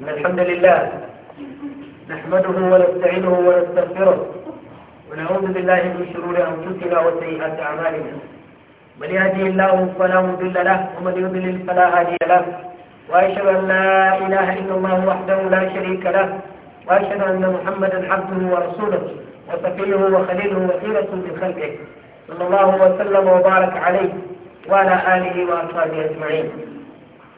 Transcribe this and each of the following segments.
إن الحمد لله نحمده ونستعينه ونستغفره ونعوذ بالله من شرور أنفسنا وسيئات أعمالنا من يهدي الله فلا مضل له ومن يضلل فلا هادي له وأشهد أن لا إله إلا الله وحده لا شريك له وأشهد أن محمدا عبده ورسوله وصفيه وخليله وخيرة من خلقه صلى الله وسلم وبارك عليه وعلى آله وأصحابه أجمعين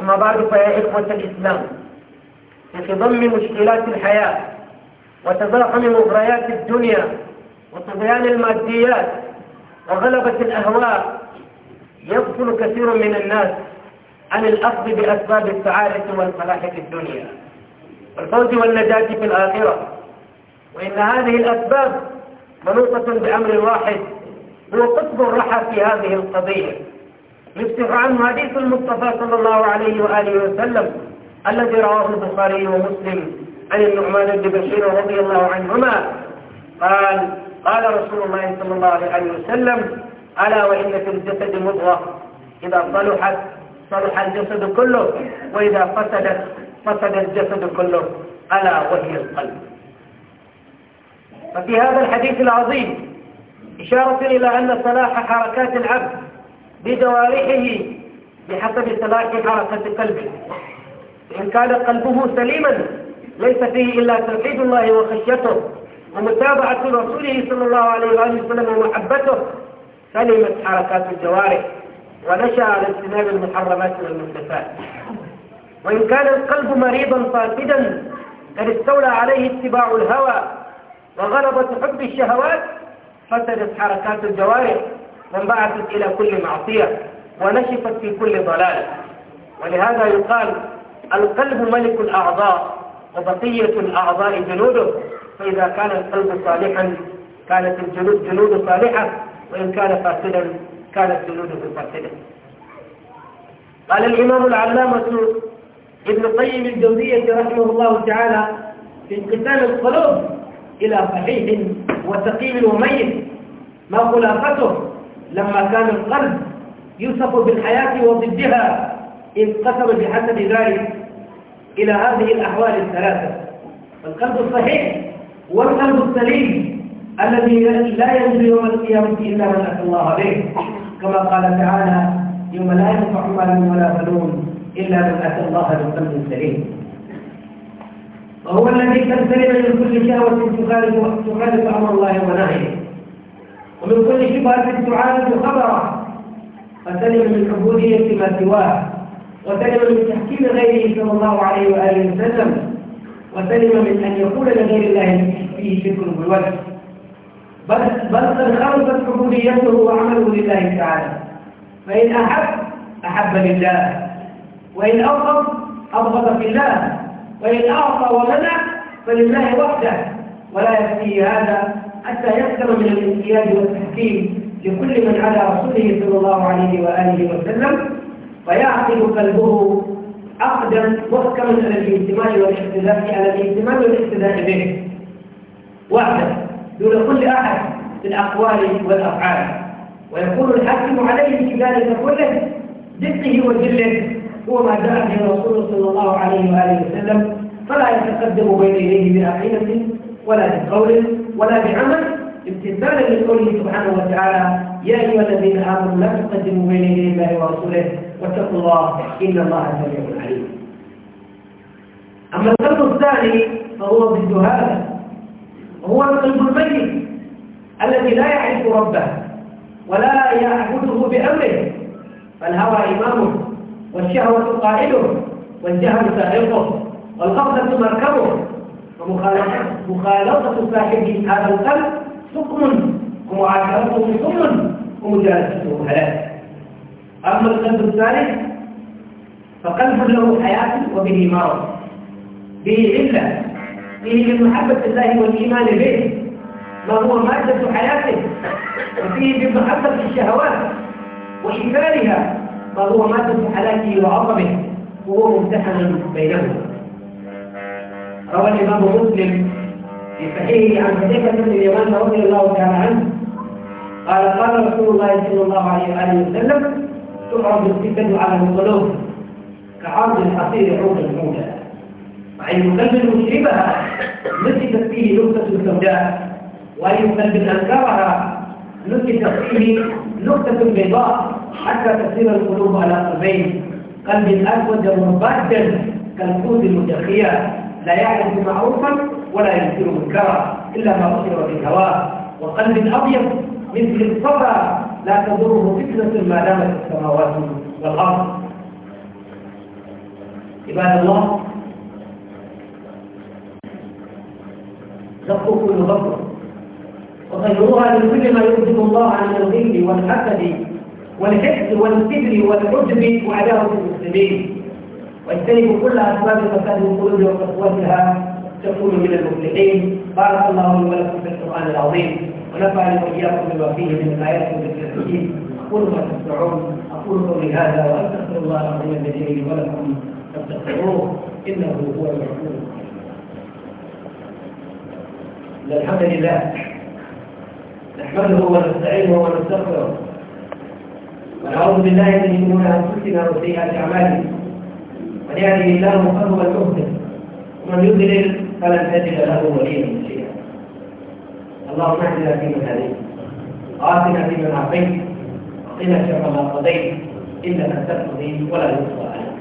أما بعد فيا إخوة الإسلام في ضم مشكلات الحياة وتزاحم مغريات الدنيا وطغيان الماديات وغلبة الأهواء يغفل كثير من الناس عن الأخذ بأسباب السعادة والفلاح في الدنيا والفوز والنجاة في الآخرة وإن هذه الأسباب منوطة بأمر واحد هو قطب الرحى في هذه القضية يفتح عنه حديث المصطفى صلى الله عليه وآله وسلم الذي رواه البخاري ومسلم عن النعمان بن بشير رضي الله عنهما قال قال رسول الله صلى الله عليه وسلم ألا وإن في الجسد مضغة إذا صلحت صلح الجسد كله وإذا فسدت فسد الجسد كله ألا وهي القلب ففي هذا الحديث العظيم إشارة إلى أن صلاح حركات العبد بجوارحه بحسب صلاح حركة قلبه إن كان قلبه سليما ليس فيه إلا توحيد الله وخشيته ومتابعة رسوله صلى الله عليه وآله وسلم ومحبته سلمت حركات الجوارح ونشأ على اجتناب المحرمات والمحدثات وإن كان القلب مريضا فاسدا قد استولى عليه اتباع الهوى وغلبة حب الشهوات فسدت حركات الجوارح فانبعثت إلى كل معصية ونشفت في كل ضلال ولهذا يقال القلب ملك الأعضاء وبقية الأعضاء جنوده فإذا كان القلب صالحا كانت الجنود جنود صالحة وإن كان فاسدا كانت جنوده فاسدة قال الإمام العلامة ابن قيم الجوزية رحمه الله تعالى في انقسام القلوب إلى صحيح وسقيم وميت ما خلافته لما كان القلب يوصف بالحياة وضدها انقسم بحسب ذلك إلى هذه الأحوال الثلاثة القلب الصحيح والقلب السليم الذي لا ينجو يوم القيامة إلا من أتى الله به كما قال تعالى يوم لا ينفع مال ولا بنون إلا من أتى الله بقلب سليم وهو الذي تنسلم من كل شهوة تخالف تخالف أمر الله ونهيه ومن كل شبهة تعالج خبره فسلم من عبودية ما سواه وسلم من تحكيم غيره صلى الله عليه وآله وسلم وسلم من أن يقول لغير الله فيه شكر بالوجه بل بل قد خلصت عبوديته وعمله لله تعالى فإن أحب أحب لله وإن أبغض أبغض في الله وإن أعطى ومنع فلله وحده ولا يكفيه هذا حتى يكثر من الامتياز والتحكيم لكل من على رسوله صلى الله عليه وآله وسلم ويعقل قلبه عقدا محكما على الائتمان والاقتداء على الائتمان والاقتداء به وحده دون كل أحد في الأقوال والأفعال ويكون الحاكم عليه في ذلك كله دقه وجله هو ما جاء به الرسول صلى الله عليه وآله وسلم فلا يتقدم بين يديه بأحينة ولا بقول ولا بعمل امتثالا لقوله سبحانه وتعالى يا ايها الذين امنوا لا تقدموا بين يدي الله ورسوله واتقوا الله ان الله سميع عليم. اما القلب الثاني فهو ضد هذا وهو القلب الميت الذي لا يعرف ربه ولا يعبده بامره فالهوى امامه والشهوه قائده والجهل سائقه والغفله مركبه مخالطة صاحبه هذا القلب سقم ومعاشرته سقم ومجالسته هلاك أما القلب الثالث فقلب له حياة وبه مرض به علة فيه من محبة الله والإيمان به ما هو مادة حياته وفيه من محبة الشهوات وإنكارها ما هو مادة حلاكه وعظمه وهو ممتحن بينهما روى الإمام مسلم في صحيحه عن حذيفة بن اليمان رضي الله تعالى عنه قال قال رسول الله صلى الله عليه وآله وسلم تعرض الفتن على القلوب كعرض الحصير عود الموتى وإن يكلم مشربها نسجت فيه نقطة سوداء وإن يكلم أنكرها نسجت فيه نقطة بيضاء حتى تصير القلوب على قلبين قلب أسود مبدل كالقوس المتخيل لا يعلم بمعروفا ولا ينكر منكرا إلا ما بصر بالهواء وقلب أبيض مثل الصفا لا تضره فتنة ما دامت السماوات والأرض عباد الله كل نغفر وخيرها لكل ما يرزق الله عن الغل والحسد والحقد والكبر والعجب وعداوة المسلمين واجتنبوا كل أسباب فساد القلوب وقسوتها تكونوا من المفلحين بارك الله لي ولكم في القرآن العظيم ونفعني وإياكم بما فيه من الآيات والذكر الحكيم أقول ما تسمعون أقول قولي هذا وأستغفر الله العظيم الذي لي ولكم فاستغفروه إنه هو الغفور الحمد لله نحمده ونستعينه ونستغفره ونعوذ بالله من شرور أنفسنا وسيئات أعمالنا يعني الله فهو المهتد ومن يضلل فلن تجد له وليا مرشدا اللهم اهدنا فيمن هديت وعافنا فيمن عافيت وقنا شر ما قضيت انك تقضي ولا يقضى عليك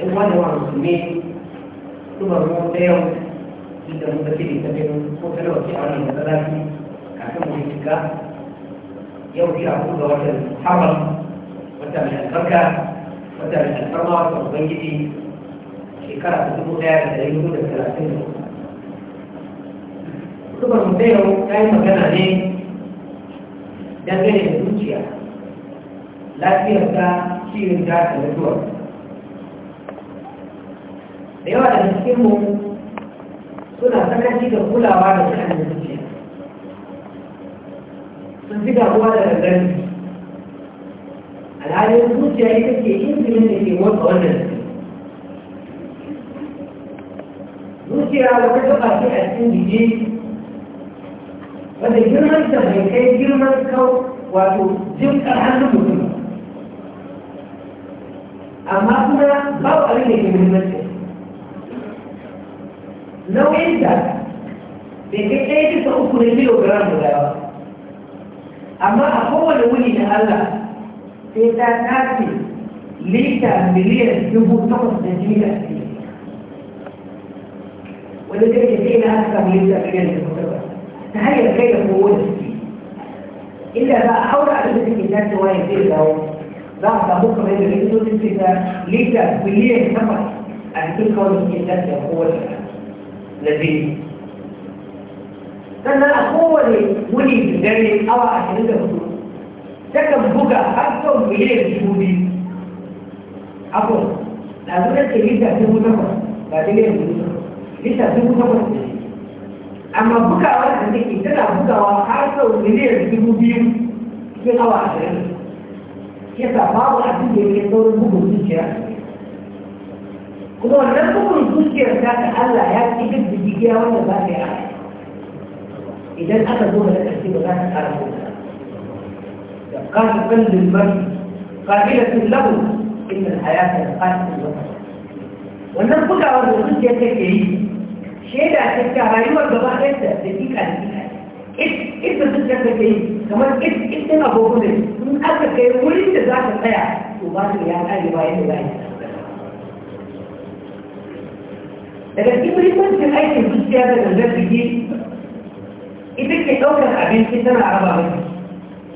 اخواني والمسلمين تمرون اليوم جدا مبتدئ تبين متلوث عن المثلات كحكم الاتكاء يوم في عقود وجل حرم وتملا البركه wata da ke farma wata ubangiji shekara ta dubu daya da dari hudu da talatin da hudu kutubar mu ta yi magana ne dangane da zuciya lafiyar ta ciwon ta da mutuwar da yawa da cikin mu suna sakaci da kulawa da sha'anin zuciya sun fi damuwa da dangane alhalin zuciya ita ke insulin da ke motsa wannan zuciya wata gaba ce a cikin jiki wanda girman ta bai kai girman kau wato jin hannun mutum amma kuma babu abin da ke muhimmanci nauyin da bai kai ɗaya bisa uku na kilogram guda ba amma a kowane wuni na Allah إذا نأتي لتعملية جبوت نقص نجمية ولذلك يتقينا أكثر من التعملية المتبع تهيئ كيف هو إلا بقى حول أعلمتك الناس هو يزيل له بعد بكرة هذا الإنسو تنسى لتعملية المتبع أن تلك الناس هو الذي sannan a kowane wuni da dare awa ashirin da hudu takan buga har son miliyan dubu biyu abu na zuwa ce lita dubu takwas ba miliyan dubu takwas lita dubu takwas ne amma bugawa da take tana bugawa har son miliyan dubu biyu cikin awa ashirin yasa babu abin da yake saurin bugun zuciya kuma wannan bugun zuciyar ta ta Allah ya ci duk da jigiya wanda za ta yi idan aka zo da ƙarfi ba za ta ƙara قال بل للمرء قائلة له إن الحياة لقاتل الوطن wannan bugawar da zuciya take yi shaida ce ta rayuwar gaba ɗaya da dakika da dakika ita zuciya take yi kamar ita agogo ne in aka kai wurin da za ka tsaya to ba su ya ƙare ba yadda za a daga cikin muhimmancin aikin zuciya da gangar jiki ita ke ɗaukar abinci tana raba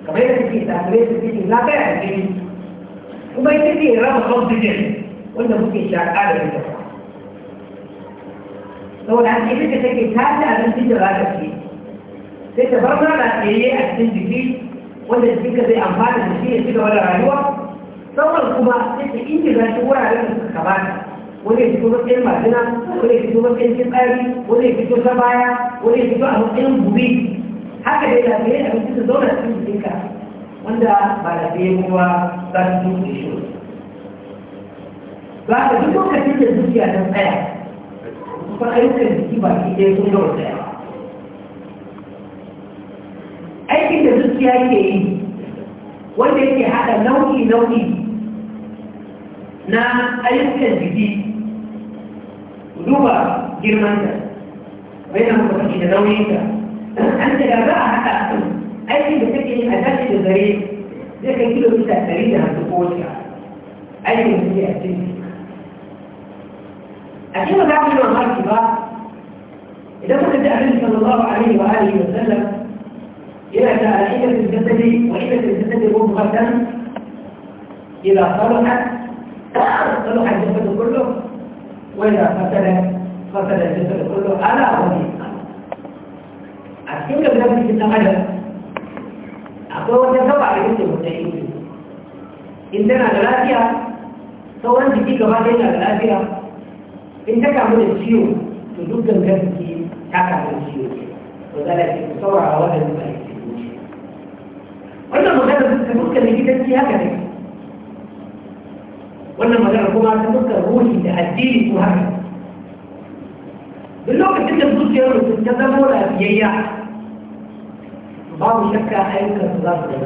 kamar yadda suke ɗalibai su na kai a jini kuma ita ce raba oxygen wanda muke ƙara da ita saboda an ita ce take tace abincin da za ta ce sai ta da mana yi a cikin jiki wanda jikinka zai amfana da shi ya shiga gaba rayuwa sauran kuma sai ta injiza shi wuraren da suka kamata wani ya fito matsayin majina wani ya fito matsayin fitsari wani ya fito ta baya wani ya fito a matsayin gumi haka dai lafiyayyen abinci su zauna cikin jikinka wanda ba lafiyayyen kuma za su zuwa shi ba ka duk lokacin da zuciya ta tsaya kuma ayyukan jiki ba shi ɗaya sun gama tsaya aikin da zuciya ke yi wanda yake haɗa nau'i-nau'i na ayyukan jiki duba girmanta bayan kuma da nauyinta أنت لا بقى حتى أي بتجي أداة الغريب زي كان كيلو كده تقريبا هتقول أي بتجي إيه؟ أكتيفيتي أكيد ما بعمل مع مرتي بقى إذا كنت النبي صلى الله عليه وآله وسلم إلى إيه تأكيد الجسد وإلى الجسد مضغة إذا صلحت صلح الجسد كله وإذا فسد فسد الجسد كله ألا وهي tun da gudan cikin ɗan adam akwai wata gaba da yake mutum yake in tana da lafiya sauran jiki gaba da na da lafiya in ta kamu da ciwo to duk gangar jiki ta kamu da ciwo to zala ce ku saurara waɗanda ba yake wannan magana ta dukkan likitanci haka ne wannan magana kuma ta dukkan ruhi da addini ko haka duk lokacin da zuciyar mutum ta zama lafiyayya babu shakka ayyukan su za su da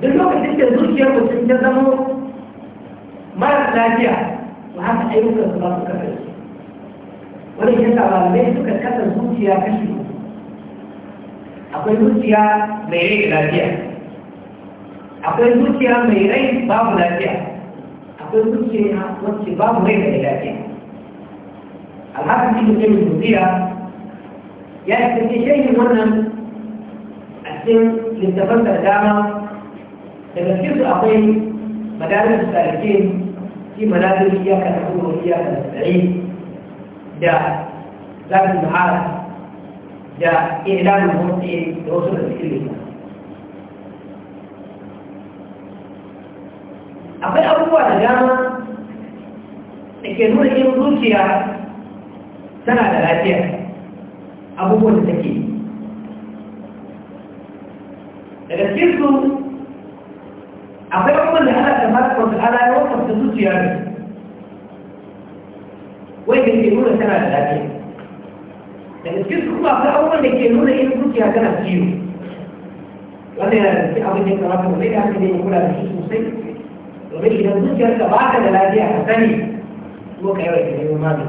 duk lokacin da zuciyar sun ta zama mara lafiya ba haka ayyukan su ba su shi wani ba mai suka kasa zuciya kashi akwai zuciya mai rai lafiya akwai zuciya mai rai babu lafiya akwai zuciya wacce babu rai mai lafiya alhaka cikin jami'in zuciya ya yi kashe shayin wannan cikin littafan da dama daga cikin su akwai madarin salike fi madarin iyaka da kuma iyaka da tsare da zafin buhara da ilanin motsi da wasu da suke littafan akwai abubuwa da dama da ke nuna yin zuciya tana da lafiya abubuwan da take daga cikin su akwai kuma da ana da mata wata ala ya wakafta zuciya ne wai da ke nuna tana da lafiya daga cikin su kuma akwai abubuwan da ke nuna yin zuciya tana ciwo wanda yana da cikin abin da ya kamata wani da haka ne ya kula da shi sosai domin idan ka ba ka da lafiya ka sani kuma ka yawaita neman magani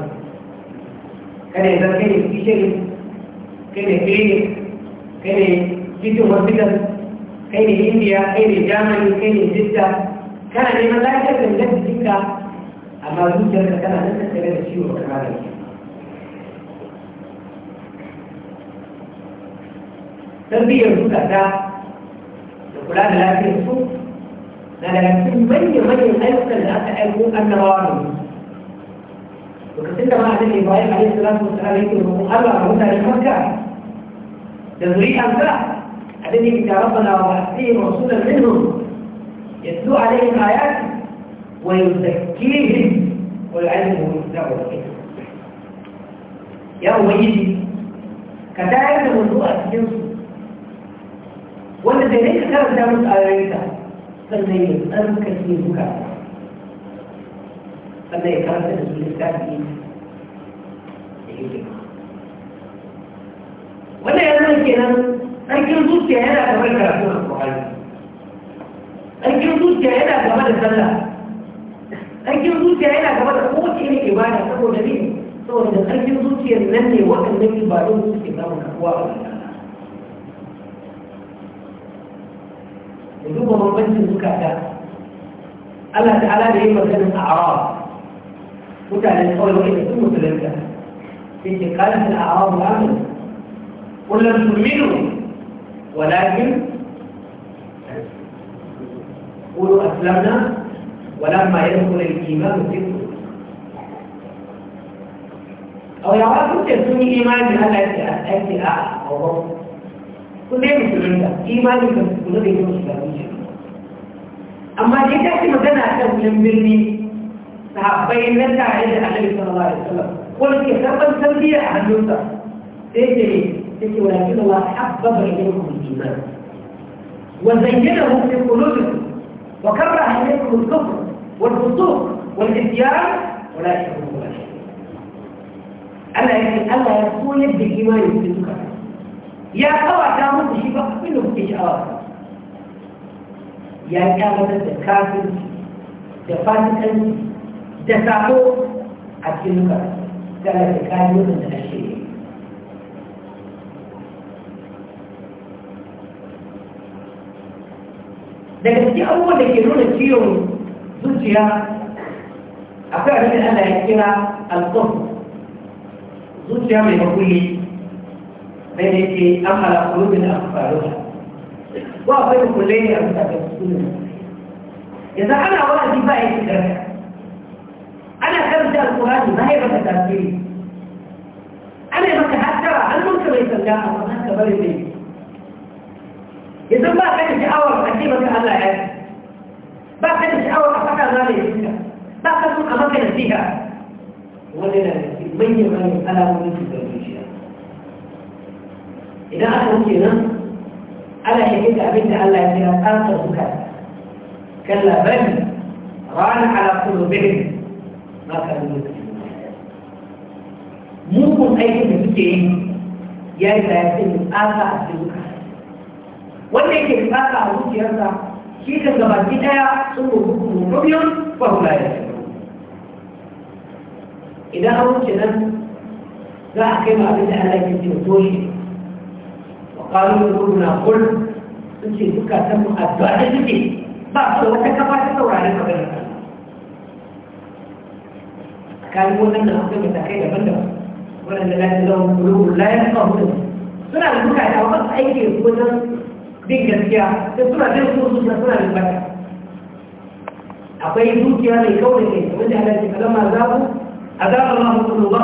kada ya zama kai ne kishirin kai ne kai ne kai ne cikin hospital كين الهندية كين الجامل كين جدة كان لما لا يجب أن يجب ذكا أما ذو جرد كان لن تتلقى شيء وكرا تربية ذكا ذا القرآن لا يجب لا يجب من أن يقل أن تألو أن روانه وكثير ما أعلم إبراهيم عليه الصلاة والسلام يقول الله عنه ذلك مكة ذريعا ذا الذي اقتربنا وحسين رسولا منهم يتلو عليهم آياته ويزكيهم ويعلمهم والدعوة والحكمة يا يجي كتائب الموضوع الجنس جنسه وانا زي ليس كتاب دامت آياته فلن يزأرك في بكاء فلن يكرس نزول الكاتبين يجيبك وانا الجلدوز جاهلة كمان ثلاثون الصحيح الجلدوز جاهلة كمان الزلة الجلدوز جاهلة كمان قوة إيه إبانة سبو جميل سبو جميل الجلدوز ينني وقت النبي بعدون سوسي كمان أقوى يجوب مرمجة زكاة الله تعالى ليه مكان الأعراض متعلم قول وإيه ثم تلك في قالت الأعراض آمن قل لم تؤمنوا ولكن قولوا أسلمنا ولما يدخل الإيمان في أو يا أو كنت تسمي إيمان هل أنت أعلى أو هو كنت يوم يسمعون ده إيمان يكون ده يكون شبابي أما جيت أحكي مثلا أكثر من برني صحابين لن تعيد النبي صلى الله عليه وسلم قلت يا سبب سبب أهل يوسف ايه تلك ولكن الله حبب اليكم الايمان وزينه في قلوبكم وكره اليكم الكفر والفسوق والعصيان ولا يحبكم ولا شيء الا الا يكون بالايمان بالكفر يا قوى تامر شيء فاقبلوا بإشعار يا كامل الكافر تفاتك da sako a cikin nuka da alaƙa kayan daga cikin abubuwan da ke nuna ciwon zuciya akwai abin da Allah ya kira alƙon zuciya mai makulli bai da ke an halakuru bin alfaruwa ko akwai makullai ne a bisa ga sunan yanzu ana wa'azi ba ya ci garka ana karanta alƙurani ba ya baka tasiri ana yi maka hattara an mulka mai sanda amma haka bari ne yanzu ba ka da sha'awar a ce maka Allah ya yi ba ka da sha'awar a faɗa za da yanzu ba ka so a maka da siya wani na manyan manyan alamomin cutar zuciya idan aka wuce nan ana shakin da abin da Allah ya kira tsantsar suka kalla bari rana ala kullu bihin ma ka rubuta mugun aikin da suke yi ya yi da ya ce tsaka a cikin wanda yake bukata a zuciyarsa shi da gabaki daya sun rubutu rubiyon ba hula ya idan an wuce nan za a kai ma abin da Allah ke ce toshe wa ƙarin rubuna kul sun ce zukatan mu addu'a da suke ba su da wata kafa ta saurari maganar Allah a kayan wannan na akwai matakai daban-daban waɗanda lafi zama kulubun layar kawunan suna da zukata wasu aiki wajen bin gaskiya sai suna bin kursu na suna bin baka akwai dukiya mai kawai ne wanda ana ce kalama zaɓu a zaɓar ma hukumu ba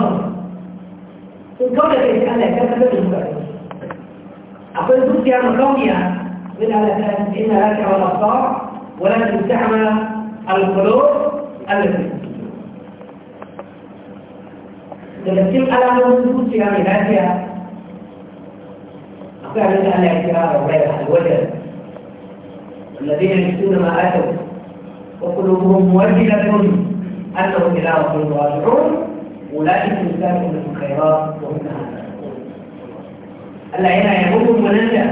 sun kawai ne sai Allah ya karkata da suka akwai dukiya makauniya wanda ana ta ina raka wa lafa wala ta ta'ama al-qulub allati daga cikin alamomin zuciya mai lafiya فعلا أنا اعتراض غير عن الوجل الذين يشكون ما أتوا وقلوبهم موجهة أنهم إلى رسول راجعون أولئك الإنسان من الخيرات وهم هذا العنايه هنا يقول مننجا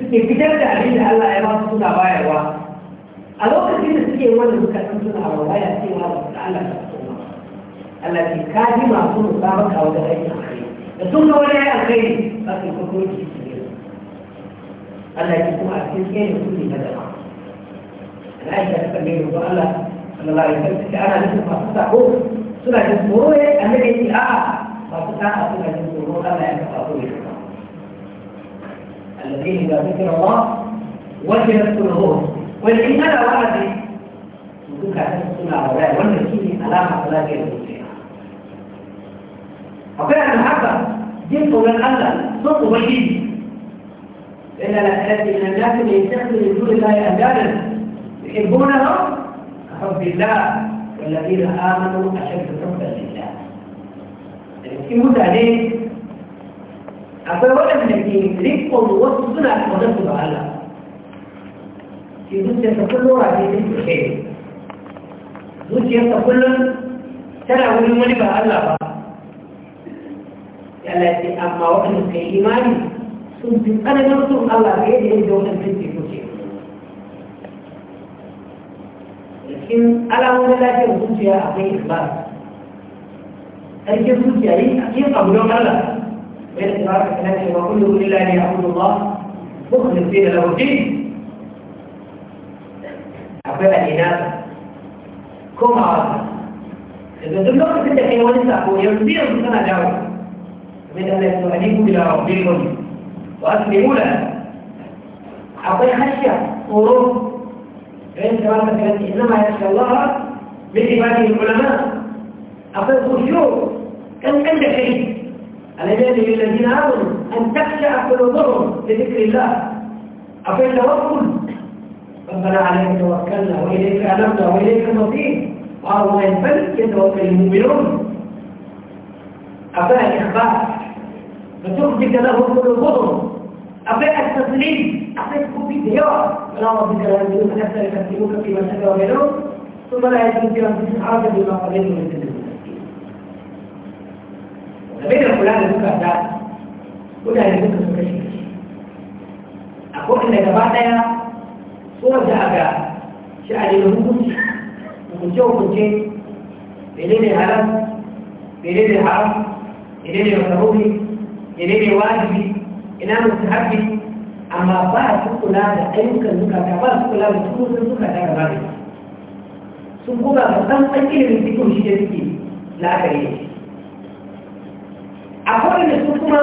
سكي كتاب تعليم ألا إيمان سنة غير و الوقت الدين سكي هو اللي بكتاب سنة ولا هذا متعلق التي كاتبها كل تكون او وتغيرها خير ثم ولا الخير أخي كنت قال لها يسوع السكين وكل هذا معه أنا عايزة أتكلم وقال لها أن الله يسكت أنا لسه ما أفتح سنة الزهور أنا لسه ما أنا سنة الزهور أنا لسه ما الذين إذا ذكر الله وجدت قلوبهم ولكن أنا ولدي يقولك أن السنة أولى والمسكين ألام على ذلك المسكين وكان المحبة جنبه من أنزل الصوت بجيب إلا لأهلاك من الناس من يستخدم لجول الله أجالا يحبونه حب الله والذين آمنوا أشد حبا لله يمتع يعني ليه أقول ولا من الدين رفق وصدنا ونصد على الله في دوسة تقول أن في دوسة خير دوسة تقول سنة ويوم نبقى الله بقى التي أما وأن في أنا نرسل الله بيده يده وأن تنتهي كل لكن ألا هو لا يرسل يا أخي إخبار أرجو رسل يعني أكيد قبل يوم الله بين إدراك كلامه وكله إلا أن يعبد الله مخلص دين له الدين أقبل إنابة كما إذا دلوقتي كنت حيوانسة ويرضيه سنة جاوة من أن يستعينوا إلى ربكم وأسلموا لها أعطيه خشية ورب فإن سبحانه وتعالى إنما يخشى الله من إبادة العلماء أعطيه خشوع كم عند شيء على الإيمان الذين آمنوا أن تخشع قلوبهم لذكر الله أعطيه توكل ربنا عليك توكلنا وإليك أنبنا وإليك المصير وأرضنا الفلك يتوكل المؤمنون أباء الإخبار فتخبك له كل قدر أباء التسليم أحسنكم في ديار لا ربك لا أن حتى يكتبوك في مسألة وغيرهم ثم لا يجدون في أنفسهم حرجا بما قضيتم من تدريب فبين فلان يبقى ده ولا يمكن تكشف أقول إن جماعتنا صورة أباء شعر الهبوط ومن جوه الجيش بليل الهرم بليل الهرم ine ne makaruhi ine ne wajibi ina musu mustahabi amma ba su kula da ayyukan zukata ba su kula da tsohon zukata da bari sun kuma ba san san ilimin cikin shi da suke lagari a kowane su kuma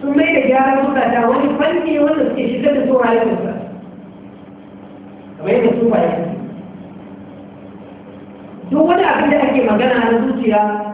sun mai da gyaran ta wani fanni wanda suke shigar da su rayuwar su kamar yadda su fahimci duk wani abin da ake magana na zuciya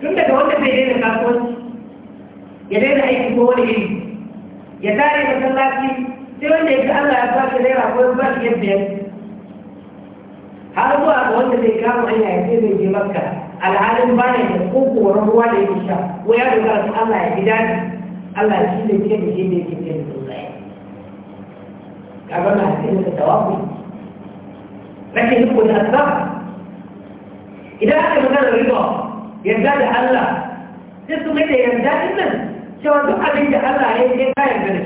tun daga wanda zai daina kasuwanci ya daina aiki ko wani iri ya tare masallaci sai wanda ya fi Allah ya fashe naira ko ya bashi yadda ya har zuwa ga wanda zai kama hanya ya ce zai je makka alhalin bana da koko ruwa da yake sha ko ya dogara su Allah ya gida ne Allah shi ne ke da shi ne ke da sosai kaga na cikin da tawafi rashin hukun asbab idan aka magana riba yarda da Allah sai su mai da yarda dinnan nan cewa duk abin da Allah ya yi ka yarda da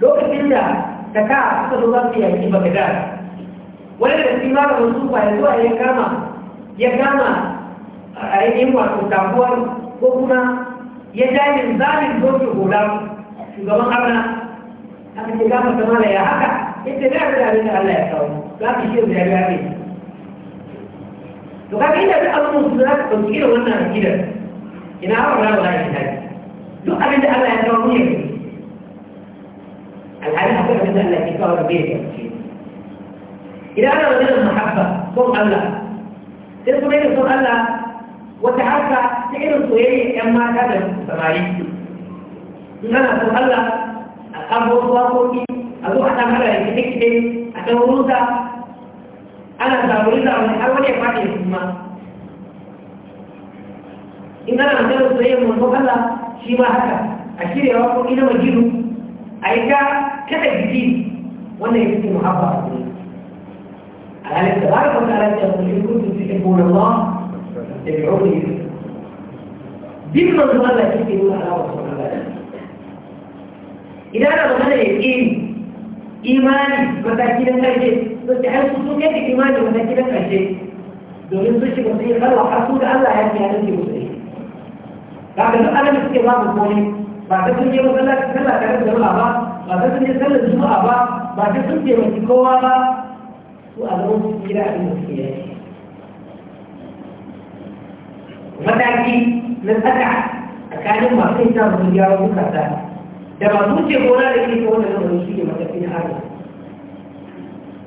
shi lokacin da ta ka suka zo za su yaki da wani da shi ma da wasu ba ya zuwa ya kama ya kama a ainihin wato takuwar ko kuma ya jami zalin doki hula shugaban arna aka ce gama kamala ya haka ita ne a da Allah ya kawo za ka shi da ya gane to kaga inda duk abubuwan su za ka ɗauki irin wannan akidar ina hawa ba za ka tafi duk abin da Allah ya kawo mu yanzu alhali akwai abin da Allah ya kawo da bai da idan ana maganar mahabba son Allah sai kuma yin son Allah wata harka ta irin soyayya ‘yan mata da samari in ana son Allah a kan wasu waƙoƙi a zo a ɗan hada da kiɗe-kiɗe a ɗan rusa ana samun wani har wani ya fadi kuma in ana da soyayyar mun Allah shi ma haka a shirya wa kuɗi ina majidu a yi ta kada jiki wannan yake muhabba a a halin da ba ka fara da kuɗi kuma cikin gona ba da bi aure bin manzo Allah shi ke nuna alawar sauran Allah idan ana magana ya ƙi imani mataki na karfe sun ci har sun kai da kimanin wannan gidan ƙarshe domin sun shiga sun yi kalwa har da Allah ya fiya nan ke musu ne da haka duk alamin suke ba ba ta sun je masallaci sallah tare da jama'a ba ba ta sun je sallar juma'a ba ba ta sun taimaki kowa ba su a zaman su gida abin da suke yi mataki na tsaka tsakanin masu yin samun gyara da da ke wani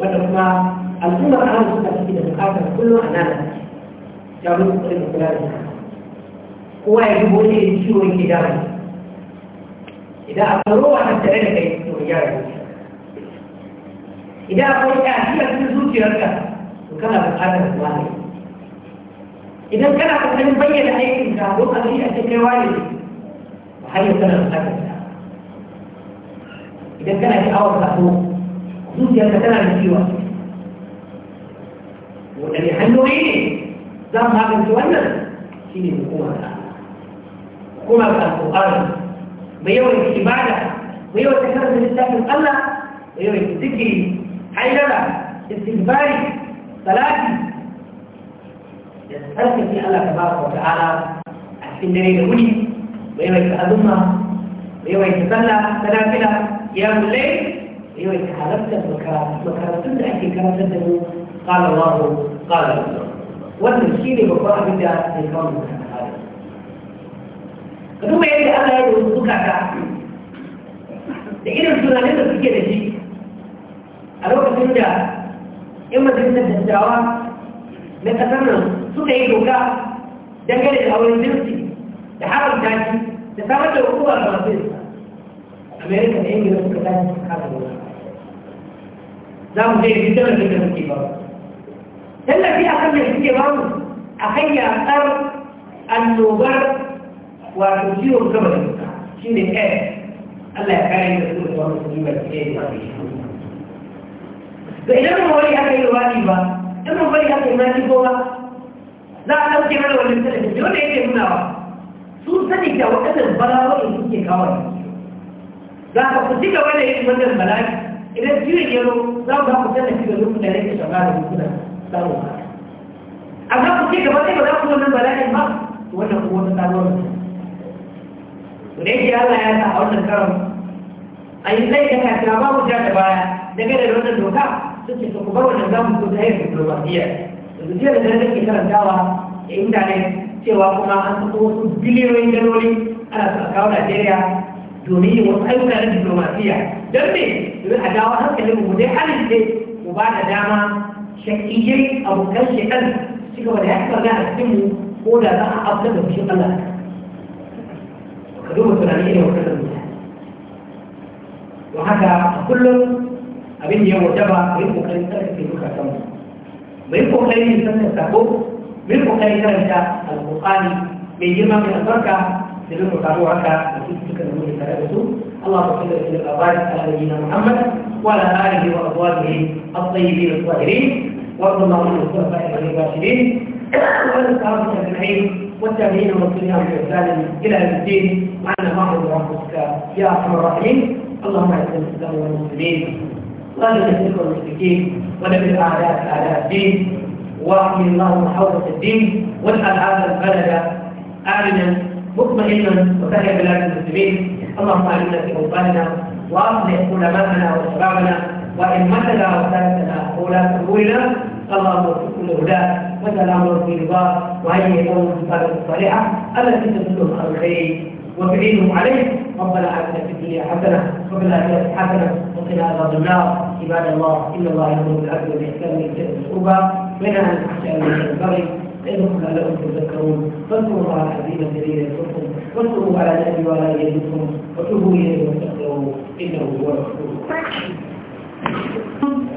فلما الأمة عاد تفكير القاتل كله أنا جابوا كل الكلام هو يجب أن يكون الكلام إذا أقروا أنا تعرف كيف يقول إذا أقول أهلي أكل زوج يركب وكان القاتل الوالي إذا كان أقول أن بيّن أي إنسان هو أهلي أكل الوالي وحي يكون القاتل إذا كان في أول تقول zuciya ta tana da ciwa waɗanne hanyoyi ne za mu magance wannan shi ne hukumar ta hukumar ta alƙur'ani mai yawan ibada mai yawan takarar da littafin allah mai yawan zikiri haidara istighfari salati da tsarkake allah ta ba wa ta'ala a cikin dare da wuni mai yawan ta azumma mai yawan ta sallah ta dafila ya mulai yawan halartar makarantun da ake karantar da mu kala wahu kala wannan shi ne babban abin da ya kawo mu kan hali ka duba yadda Allah ya yi zukata da irin tunanin da suke da shi a lokacin da yan majalisar dattawa na ƙasar nan suka yi doka dangane da auren jinsi da haramta shi da samar da hukuma ga masu yinsa amerika da ingila suka tashi su kasa gona za mu zai fitar da da suke ba tallafi a kan da suke ba mu a kan yaƙar annobar wato ciwon gaba da suka shi ne s allah ya kare da su da wani su ba ke yi ba da idan mu wani aka yi wani ba idan mu bari aka yi na ko ba za a ɗauke mana wani tallafi da wanda yake nuna wa sun sani da waɗannan bala'o'in suke kawo za ka ku ci gaba da yin wannan bala'i idan ciwon ya zo za mu samu tallafi da lokacin da yake shagara da da samun haka a za ku ce gaba ɗaya ba za ku wannan bala'in ba wannan kuma wata sabuwar mutum da yake Allah ya sa a wannan karon a yi zai da kafin ba mu ja da baya daga da wannan doka suke su kubar wannan zamu ko ta yin diplomasiya yanzu jiya da dare nake karantawa da intanet cewa kuma an sako wasu biliyoyin daloli ana sa kawo Najeriya domin yin wasu ayyuka na diplomasiya don me domin a dawo hankalin mu dai halin dai mu ba da dama shakiyai abokan shekar suka wada ya karga a cikin mu ko da za a abu da bishin Allah ka duba tunani irin wannan mutane don haka a kullum abin da ya wata ba mu yi kokarin tsarkake zukatan mu mu yi kokarin yin sassan sako mu yi kokarin karanta alƙur'ani mai girma mai albarka da zai mu samu haka da cututtukan da muke tare da su اللهم صل وسلم وبارك على نبينا محمد وعلى اله وازواجه الطيبين الطاهرين وارض اللهم عن الخلفاء الراشدين وعن الصحابه اجمعين والتابعين والسنه باحسان الى اهل الدين الله عز وجل يا ارحم الراحمين اللهم اعز الاسلام والمسلمين ولا تشرك المشركين الأعداء في اعداء الدين واحمي اللهم حوزه الدين واجعل هذا البلد امنا مطمئنا وسهل بلاد المسلمين اللهم أعنا في أوطاننا وأصلح علماءنا وشبابنا وأئمتنا وسادتنا وولاة أمورنا اللهم كل الهداة وسلام في رضاه وهيئ لهم الصلاة الصالحة التي تدلهم على الخير وتعينهم عليه ربنا آتنا في الدنيا حسنة وفي الآخرة حسنة وقنا عذاب النار عباد الله إن الله يأمر بالعدل والإحسان وإيتاء ذي من ان تحشى الفحشاء والمنكر والبغي إنكم لعلكم تذكرون فاذكروا الله العظيم الجليل يذكركم واتلوا على نبي وغيركم وتوبوا اليه وتقروا انه هو الغفور